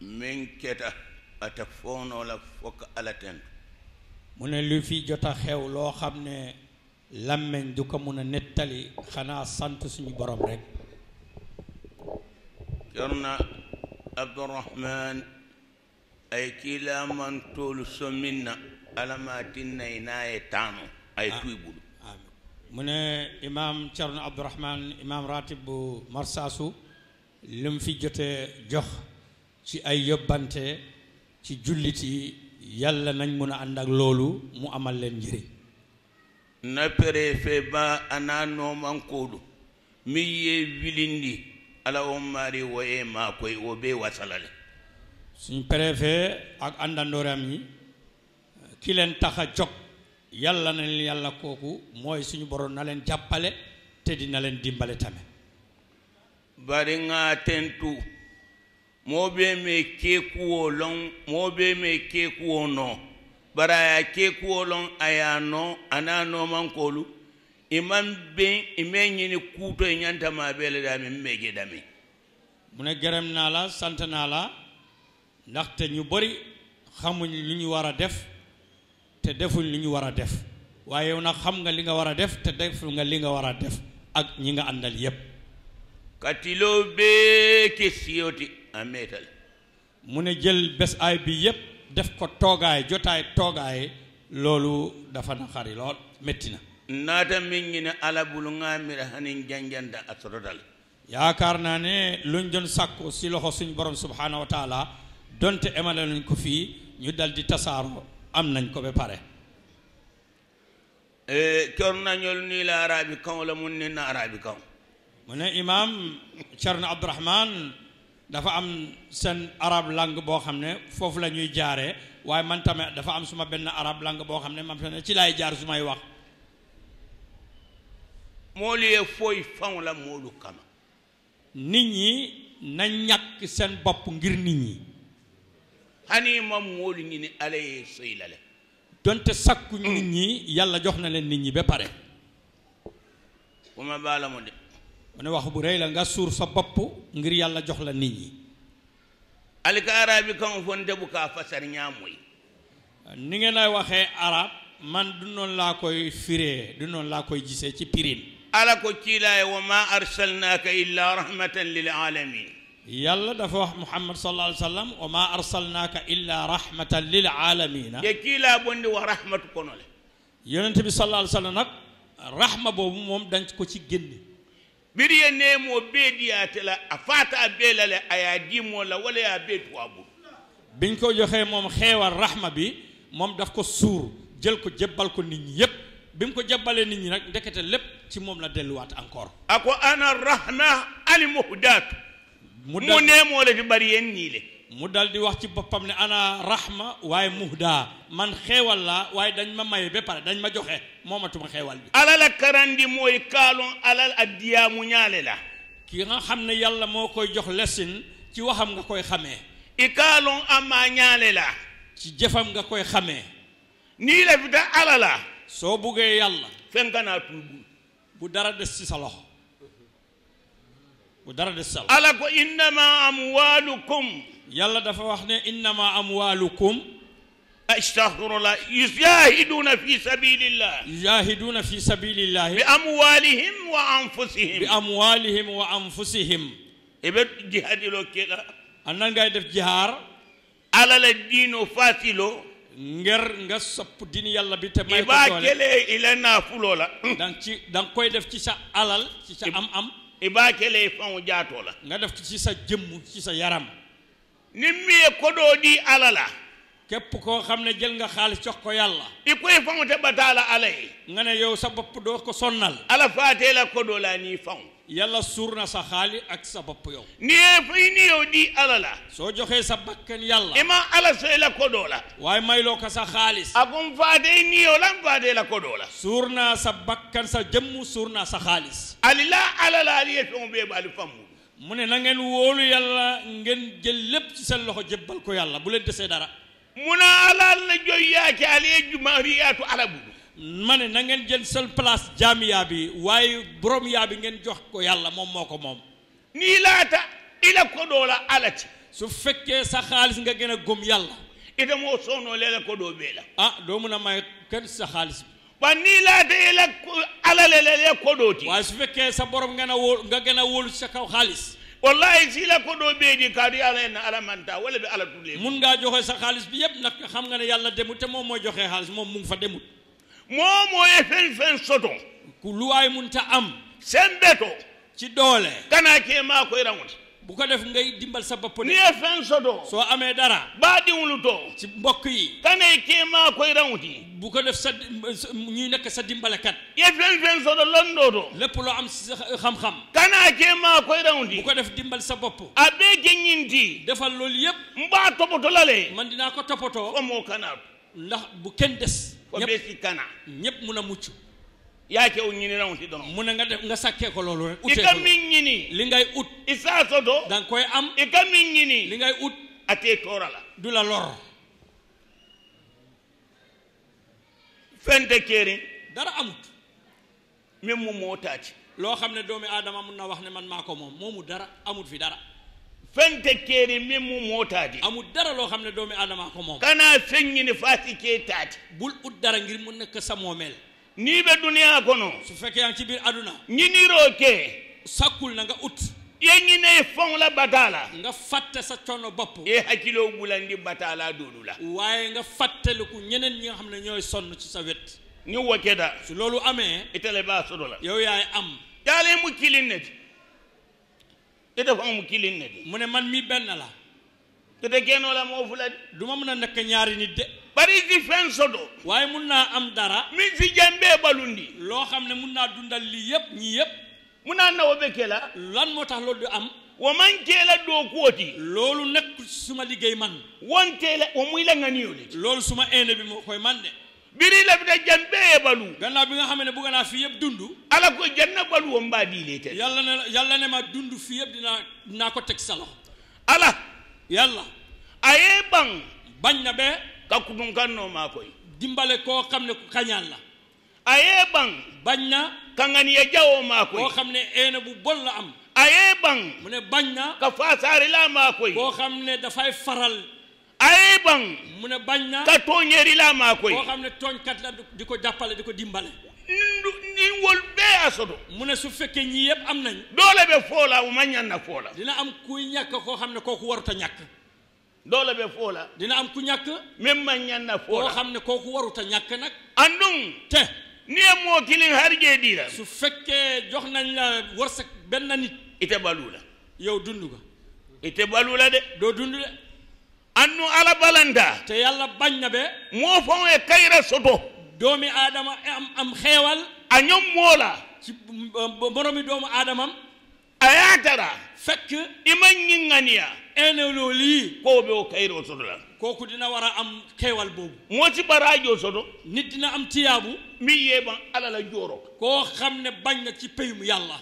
min keta ata fono la fok ala tent mu ne lu fi jota xew loo xam ne làmmeñ du ko mun a nettali xanaa sant suñu borom rek ceerno abdourahman ay kiilaman toolu sominna alamaatinnay naaye taanu ay tuy bulu mu ne imam ceerno abdourahman imam ratib bu marsaasu lu mu fi jote jox ci ay yóbbante ci jullit yi yàlla nañ mën a ànd ak loolu mu amal leen njëriñ na préfet ba anaa noomankooɗo min ye wilindi ala on maari woye maa koye o bee wasalale suñ préfet ak àndandooram yi ki leen taxa a jóg yàlla na leen yàlla kooku mooy suñu borom na leen jàppale te dina leen dimbale tamit bari ngaa tentu mɔɔ bee me keekuwo lɔn mɔɔ bee me ke nɔ bari a ye keekuwo lɔn a y'a no a man k'olu i man ben i kuto nyanta ma bele da maa mege da mi n mɛ na dami mu ne naa la sant naa la ndaxte ñu bari xamuñ li ñu war a def te defuñ li ñu war a def waye yow xam nga li nga war a def te deful nga li nga war a def ak ñi nga àndal yépp katiloo be ke siyoti en métal mu ne jël bes aay bi yépp def ko toogaay jotaay toogaay loolu dafa naqari lool métti na naata min ñi ne ala bulu ŋaamira hanin janjanda asrodal yaakaar naa ne luñ doon sàkku si loxo suñu borom subhaanahu wa taala donte emale nañ ko fii ñu dal di tasaaroo am nañ ko ba pare e, ceerno nañol nii la arabi kaw mu ne imam ceerno abdourahman dafa am seen arab langue boo xam ne foofu la ñuy jaaree waaye man tamit dafa am suma benn arab langue boo xam ne man tamit ci lay jaar su may wax moolu ye fooy faŋ la moolu kama nit ñi na ñàkk seen bopp ngir nit ñi hani ma moolu ñi ni ala ye soy la le donte sakku nit ñi yàlla jox na leen nit ñi ba pare bu ma baala mu de mané wax bu reey la nga suur sa bop ngir yàlla jox la nit ñi alka arabi kan fonte bu kaa fasar ñamuy ni ngeen ay waxe arab man du non la koy firé du non la koy gisé ci pirine ala ko lay wa ma arsalnaka illa rahmatan lil alamin يلا دفع محمد صلى الله عليه وسلم وما أرسلناك إلا رحمة للعالمين يكيلا بند ورحمة ye kiilaa صلى الله عليه وسلم رحمة بوم bi sallallahu alayhi biri ye neemoo bee diyaate la a faata a bee la le a ye a la wala ye bee tuwaa bul biñ ko joxee moom xeewal rahma bi moom daf ko suur jël ko jébbal ko nit ñi yépp bi mu ko jébbalee nit ñi rek ndekete lépp ci moom la delluwaat encore a ko ana rahma al muhdaatu mu neemoo la ti bari yeen le مودال دي واخ سي بوبام ني انا رحمه واي مهدا من خيوال لا واي دنج ما ماي بي بار دنج ما جوخه موماتوما خيوال بي علال كراندي موي كالون علال اديا مو نيالي لا كي غا خامنا يالا موكاي جوخ لسين تي وخام غاكاي خامي اي كالون اما نيالي لا تي جيفام غاكاي خامي ني لا بدا علالا سو بوغي يالا فين كانا تو بو دارا دس سي صلوخ بو دارا دس صلوخ علاكو انما اموالكم يلا دفع وحنا إنما أموالكم استغفر الله يجاهدون في سبيل الله يجاهدون في سبيل الله بأموالهم وأنفسهم بأموالهم وأنفسهم إبت جهاد لو كذا أنا قاعد في جهار على الدين فاتلو نجر نجس بدين يلا بيت ما يبغى إلى نافلو لا دان كي دان كوي دف كيسا ألال كيسا أم أم إبغى كله فان وجاتو لا نجر دف كيسا جم كيسا يرام nimmiye koɗo ɗi alala képp koo xam ne jël nga xaalis jox ko yàlla i koy faŋo te bataala ala ye nga ne yow sa bopp doo ko sonnal ala faatee la koɗo la nii faŋo yàlla suur na sa xaali ak sa bopp yow ni ye fay ni yow di ala la soo joxee sa bakkan yàlla i ma ala sey la koɗo la waaye mayloo ko sa xaalis a kon faatee ni yow lan faatee la koɗo la suur naa sa bakkan sa jëmm suur naa sa xaalis ali la ala la ali ye feŋo bee baali faŋ mu mu ne na ngeen wóolu yàlla ngeen jël lépp ci seen loxo jébbal ko yàlla bu leen desee dara mu ne alaal na joy yaake alee jumariyaatu arabu ma ne na ngeen jël seen place jaamiyaa bi waaye borom bi ngeen jox ko yàlla moom moo ko moom nii laata ila kodoo la alati su fekkee sa xaalis nga gën a gëm yàlla itamoo soonoo leela kodoo bee la ah doo mun a may kenn sa xaalis bi banila de ila ala le le ko doti wasfe ke sa borom ngana wol nga gëna wol sa kaw xaliss wallahi si la ko do beedi kadi ala en ala manta wala be ala tulé mun nga joxe sa xaliss bi yeb nak xam nga ne yalla demut te mom moy joxe xaliss mom mu ngi fa demut mom moy fen fen soto ku luway mun ta am sembeto ci doole kana ke ma koy rangut bu ko def ngay dimbal sa bopp ni ye fɛn sɔdɔ soo amee dara baa diŋolu to mbokk yi kana i kéemaa koyiraŋo ti bu ko def sa ñuy nekk sa dimbalekat i ye fɛn fɛn sɔdɔ londoo lépp loo am xam-xam kana a kéemaa koyiraŋo ti bu ko def dimbal sa bopp a bee géññin ti defal loolu yëpp n baa topoto la le man dinaa ko toppatoo fo kanaa ndax bu kenn des ñëpp si kana ñëpp mun a mucc yaace u ñini raŋo si dono mu ne nga def nga sakkee ko loolu rek utee i ka miŋ ñini li ngay ut i saa soto danga koy am i ka miŋ ñini li ngay ut atee toora la du la lor fente keeriŋ dara amut meŋ mu moo taaci loo xam ne doomi aadama mun na wax ne man maa ko moom moomu dara amut fi dara fente keeri min mu moo taati amul dara loo xam ne doomi aadama ko moom kanaa feññi ni faati kee taati bul ut dara ngir mu nekk sa moomeel nii be duniyaa kono su fekkee yaa ci biir aduna ñiniiroo kee sakkul na nga ut ye ñine fong la bataala nga fàtte sa coono bopp ye hakkiloo bulandi bataala doodu la waaye nga fàttaliku ñeneen ñi nga xam ne ñooy sonn ci sa wet ni wokkeda su loolu amee itale baa soto la yow yaay am yaale mu kilin ne ti ite fong mu kilin ne ti mu ne man mi benn la ite keenoo la moo fula di du ma a nekk ñaari nit de barisi fen soto waaye mun naa am dara min si jambee balundi loo xam ne mun naa dundal lii yëpp ñii yëpp mun naa nawo bekke la lan moo tax loolu du am wo man keela doo kuwoti loolu nekk suma liggéey man wonteela wo muy la nga niyo le loolu suma eene bi moo koy man de biri la bi da jambee balu gannaaw bi nga xam ne bëgg naa fi yëpp dundu ala ko janna balu wom mbaa diilee te yàlla ne yàlla ne ma dund fi yëpp dinaa dinaa ko teg sa loxo ala kakku ɗum kannoo maa koye dimbale koo xam ne ku kañaan la a yee baŋ bañ na kaŋan ye jawoo maa koye koo xam ne eene bu bon la am a yee baŋ mu ne bañ na ka faasaari laa maa koye koo xam ne dafay faral a yee baŋ mu ne bañ na ka tooñeeri laa maa koye koo xam ne tooñkat la di ko jàppale di ko dimbale ni wol bee a soto mu ne su fekkee ñii yëpp am nañ doole be foola wu ma ñan na foola dina am kuy ñàkk koo xam ne kooku warut a ñàkk dole ɓe foola dina am ku ñàkk min man ñanna foola koo xam ne kooku ta ñàkk nag an ɗum te ni moo kilin har jee diila su fekkee jox nañ la warsak benn nit ite balu yow dund nga ite balu la de doo dund de annu ala balanta te yàlla bañ na be moo faŋo e kayira soto doomi aadama am am a ñoom moo moromi doomu aadamam a yaatara fekk i ma ñiŋŋaniya enewlo li ko be o kayro soto la kooku dina war a am xeewal boobu moo ci baraajo soto nit dina am tiyaabu mi yeeban ala la jooro koo xam ne bañ na ci peyum yàlla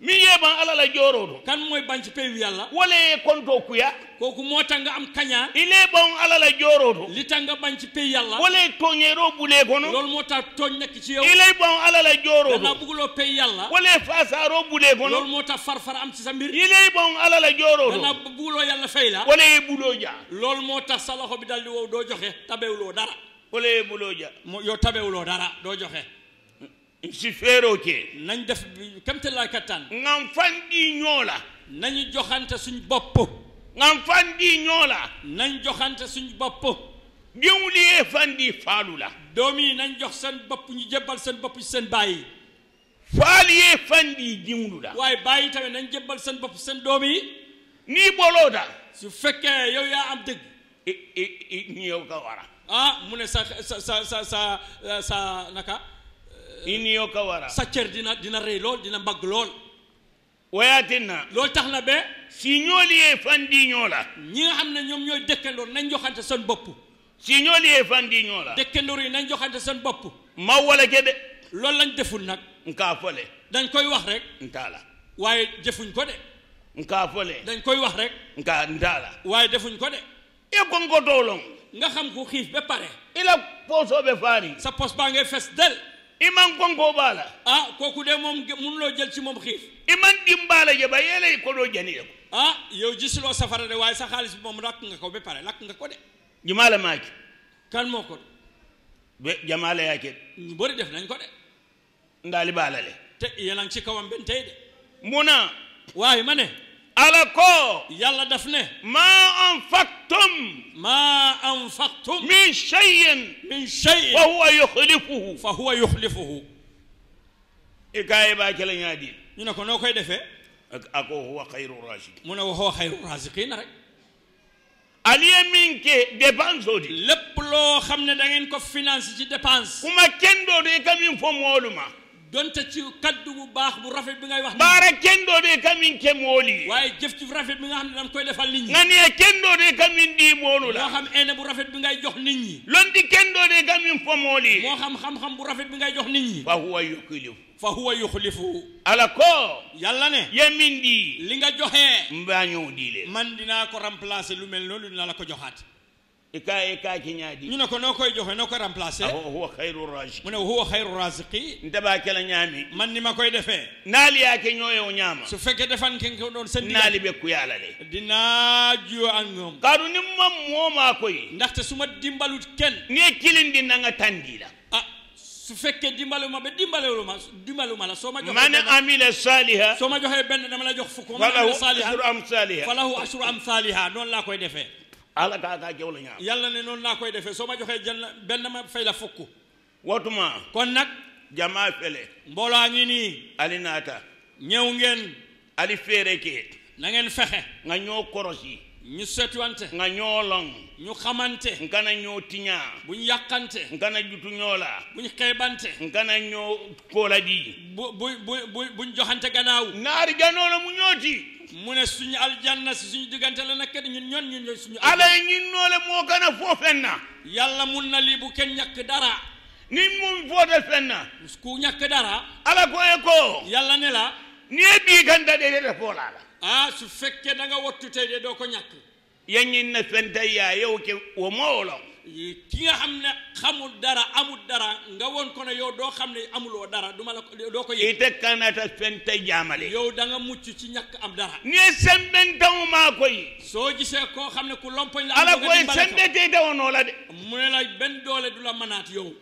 min yeɓan alala joroɗo kan moye banci pewi yalla wole konto kuya koku motanga am kaña ile ɓan alala joroɗo litanga banci pewi yalla wole toñero bule kono lol mota toñnakki ci yow ile ɓan alala joroɗo na bugulo pewi yalla wole fasaro bule kono lol mota farfara am ci sa la ile ɓan alala joroɗo na bugulo yalla feyla wole buloja lol mota salaho bi daldi wow do joxe tabewlo dara wole buloja yo tabewlo dara doo joxe nsi feeroo kee nañ def kamte laa kattaan ngam fan di ñoo la nañu joxante suñ bopp ngam fan di ñoo la nañ joxante suñu bopp diwli yee fan di faalu la doom yi nañ jox seen bopp ñu jébbal seen bopp seen baay faal yee fan di diwlu la waaye bàyyi tamit nañ jébbal seen bopp seen doom yi nii boloo da su fekkee yow yaa am dëgg ñi yow ka wara ah mu ne sa sa sa sa sa naka in yoo ka wara sa cër dina dina rëy lool dina màgg lool wayatin na lool tax na ba si ñoolu yee fan di ñoo la ñi nga xam ne ñoom ñooy dëkkandoor nañ joxante seen bopp si ñoolu yee fan di la dëkkandoor yi nañ joxante seen bopp ma wala ke de loolu lañ deful nag nkaa fole dañ koy wax rek waaye jëfuñ ko de nkaa dañ koy wax rek nkaa ntaa la waaye defuñ ko de e ko nga ko nga xam ku xiif ba pare i poosoo be faari sa poos baa ngay fes del iman konko bala ah kooku de moom mënuloo jël ci moom xiif iman dimbaala je ba yeelay ko doo jani ko ah yow gisuloo safara de waaye sa xaalis bi moom lakk nga ko ba pare lakk nga ko de jumaala maa ci kan moo ko be jamaala yaa ke ñu def nañ ko de ndaali baala le te yéen a ngi ci kawam benn tey de muna waaye ma ne alako yalla daf ne ma anfaqtum ma anfaqtum min shay'in min shay'in wa huwa yukhlifuhu fa huwa yukhlifuhu e gay ba kala nyaadi ñu ne ko nokoy koy defé ako huwa khairu raziqin mu ne wa huwa khairu raziqin rek aliye min ke dépense odi lepp lo xamne da ngeen ko finance ci dépense kuma kendo de kam fo moluma donte ci kaddu bu baax bu rafet bi ngay wax baara kendo de kamin ke mooli waaye jëf ci rafet bi nga xam ne danga koy defal nit ñi nga ne kendo de kamin di moolu la moo xam ene bu rafet bi ngay jox nit ñi lonti kendo de kamin fo mooli moo xam xam-xam bu rafet bi ngay jox nit ñi fa huwa yuklifu fa huwa yuxlifu ala ko yàlla ne yemin di li nga joxee ñow dii diile man dinaa ko remplacer lu mel noonu dinaa la ko joxaat ikaye ka kiñaaɗi ñuna ko no koye jo hoyno ko remplacé huwa hayru raziqi mune huwa hayru raziqi ndaba kela ñaami mannima koye defe naali yaake ñoye o ñaama su feke defan ken ko ɗon sen naali ɓe yala le dina juyo an ñoom kaadu nim ma mooma koye ndaxte suma dimbalut ken ni e kilindi nanga tandiila ah, su fekkee dimbaluma be ma dimbaluma la soo ma joxee man amila saliha soo ma joxee benn dama la jox fukk falahu ashru amsaliha falahu ashru amsaliha noonu la koy defee ala ka ka jawla ñaa yàlla ne noonu laa koy defee soo ma joxee jël benn ma fay la fukk wootuma kon nag jamaa fele mbooloo ngi nii ali naata ñëw ngeen ali féere kee na ngeen fexe nga ñoo korosi ñu setuwante nga ñoo long ñu xamante nkana ñoo tiñaa bu ñu yàqante nkana jutu ñoo la bu ñu xeebante nkana ñoo kóola di bu bu bu bu ñu joxante gannaaw naari janoo la mu ñooti mu ne suñu aljanna si suñu diggante la nekk ñun ñoon ñun ñooy suñu ala ye ñin noole moo gën a foo fen na yàlla mun na lii bu kenn ñàkk dara ni mu foote fen na ku ñàkk dara ala ko ye ko yàlla ne la ni ye bii ganta de de foolaa la ah su fekkee da nga wattu tey de doo ko ñàkk ye ñin na fen tey yaa yow ke wo moo lo ki nga xam ne xamul dara amul dara nga woon ko ne yow doo xam ne amuloo dara duma la doo ko yëg ite kanata yow da nga mucc ci ñàkk am dara ni sembentawu maa koy soo gisee koo xam ne ku lompoñ la ala koy sembetee dawanoo la de mu ne la benn doole du la mënaat yow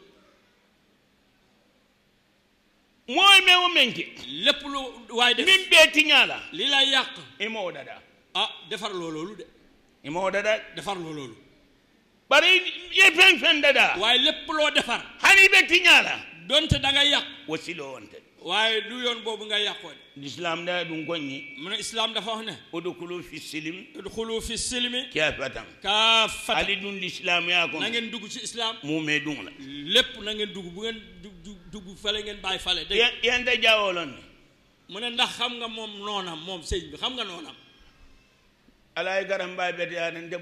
mooy meewu menki lépp lu waaye def min bee tiñaa la li lay yàq imoo dada ah defar loo loolu de imoo dada defar loo loolu bare ye feŋ feŋ dadaa waaye lépp loo defar hani be tiñaa la donte da nga yàq wasiloo wonte waaye du yoon boobu ngay yàqoon l'islam daa du ngoñ ñi mu ne islam dafa wax ne udxulu fi silmi udxulu fi silmi kaafatan kaafatan ali dun l'islam yaa ko na ngeen dugg ci islam muumee dun la lépp na ngeen dugg bu ngeen dugg fale ngeen bàyyi fale dégg yente jaawoloon ne mu ne ndax xam nga moom noonam moom sëñ bi xam nga noonam alaay garam baay bete yaa den te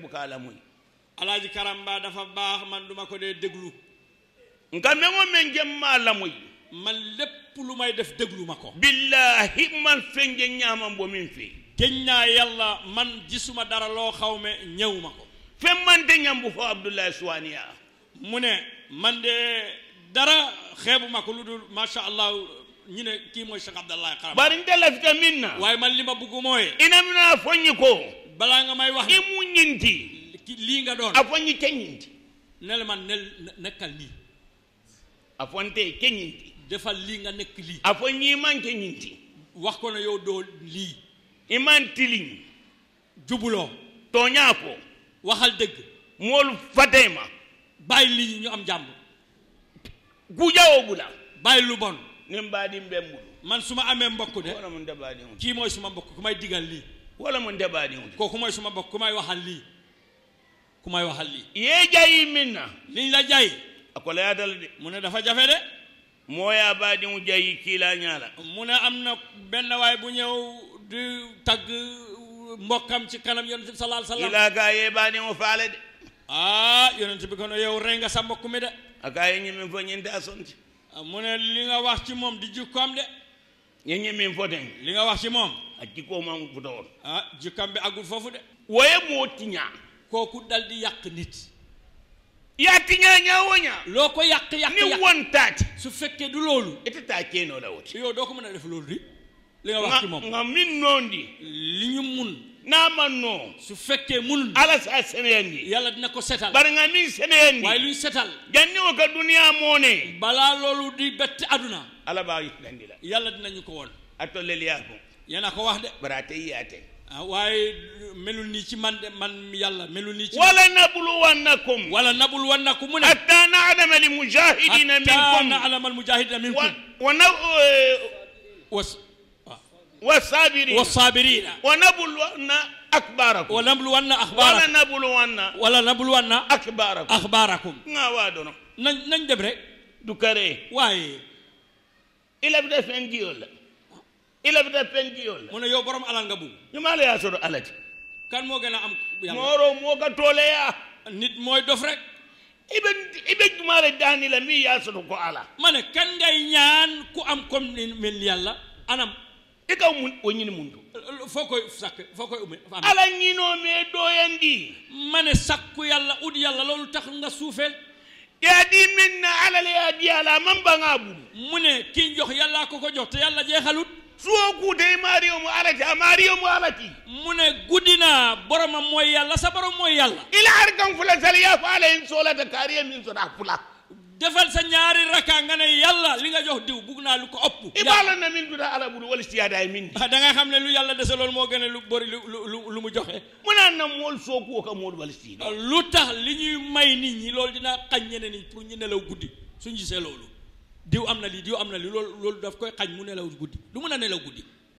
alaaji karamba dafa baax man duma ko dee déglu nga meŋo meŋ jemmaa lamuy man lépp lu may def déglu ma ko billahi man fenje ñaaman bo min fi géñ naa man jisuma dara loo xaw me ñëw ma ko fen man ñambu fo abdoulaye suwaniya mu ne man de dara xeebu ma ko lu dul macha allah ñu ne kii mooy Cheikh Abdallah Karamba bari nte lafita min na waaye man li ma bugg mooy ina mina foññi ko balaa nga may wax i mu ñinti lii nga doon afon ñi keññinti nele man nel nekkal lii afonte keññinti defal lii nga nekk lii afon ñi man keññinti wax ko ne yow doo lii iman tiliñ jubuloo tooñaa ko waxal dëgg moolu fateema bàyyi lii ñu am jàmm gujawoo bu la bàyyi lu bon nin mbaadi man su ma amee mbokk de wala mun dabaadi kii mooy suma mbokk ku may diggal lii wala mun dabaadi kooku mooy suma mbokk ku may waxal lii ku may waxal lii yee jayi min na liñ la jayi a ko layaatala de mu ne dafa jafe de mooyaa baa diŋu jayi kiilaa ñaala mu ne am na benn waay bu ñëw di tagg mbokkam ci kanam yonent bi sallallahu a wa ah, yow rey nga sa mbokk mi de akaa ye ñemeŋ fo ñente a sonti ah, mu ne li nga wax ci moom di jikkoom de ye ñemeŋ fo teŋ li nga wax ci moom a jikkoo maŋ futa woon ah, jikkam bi agul foofu de woye moo tiñaa kooku dal di yàq nit yàq ñaañaa woña loo ko yàq yàq ni won taati su fekkee du loolu ete taa keenoo la wote yow doo ko mën a def loolu di li nga wax ci moom nga min di li ñu mun naa man noo su fekkee mun ala saa seneyandi yàlla dina ko setal bari nga min seneyandi waaye luy setal janni wo ka duniyaa moo ne balaa loolu di bett aduna ala baa yàlla dinañu ko woon a tollel wax waaye melul nii ci man de man yàlla melul nii ci wala nabluwannakum wala nabluwannakum mu ne hatta na'lama al mujahidina minkum hatta na'lama al mujahidina minkum wa na والصابرين والصابرين ونبلون أكباركم ونبلون أخباركم ولا نبلون ولا نبلون أكباركم أخباركم نوادنا ننجبرك دكاري واي إلى بدأ فنجيول ila bita penki yol mu ne yow borom alal nga bugg ñu maa kan moga na am yàlla moga moo ya nit moy dof rek ibe ibe jumaale la mi yaa ko ala ma kan ngay ñaan ku am kom ni mel anam i ka ni o ñini muntu foko koy sakk foo koy ume ala ñinoo mee dooyandi ma sakku yalla ut yàlla loolu tax nga soufel ya di minna na ala la di ala man ba ngaa bum mu ne jox ko ko jox te suwo kuutee maariyomu alati a ah, maariyomu alati mu ne guddina boromam mooy yàlla sa borom mooy yàlla ila har kan fula saliya fa ala en soolata kaariya min sota fula defal sa ñaari rakka nga ne yàlla li nga jox diw bugg naa lu ko ëpp ibaala na min duta ala bulu wala siyaadaay min ah, da nga xam ne lu yàlla dese loolu moo gën a lu bëri lu lu lu mu na mool sookuwo ka mool wala siida lu tax li ñuy may nii ñi loolu dinaa xañ ñeneen ñi pour ñu nelaw guddi suñ gisee loolu diw am na lii diw am na lii loolu loolu daf koy xañ mu nelaw guddi lu mën a nelaw guddi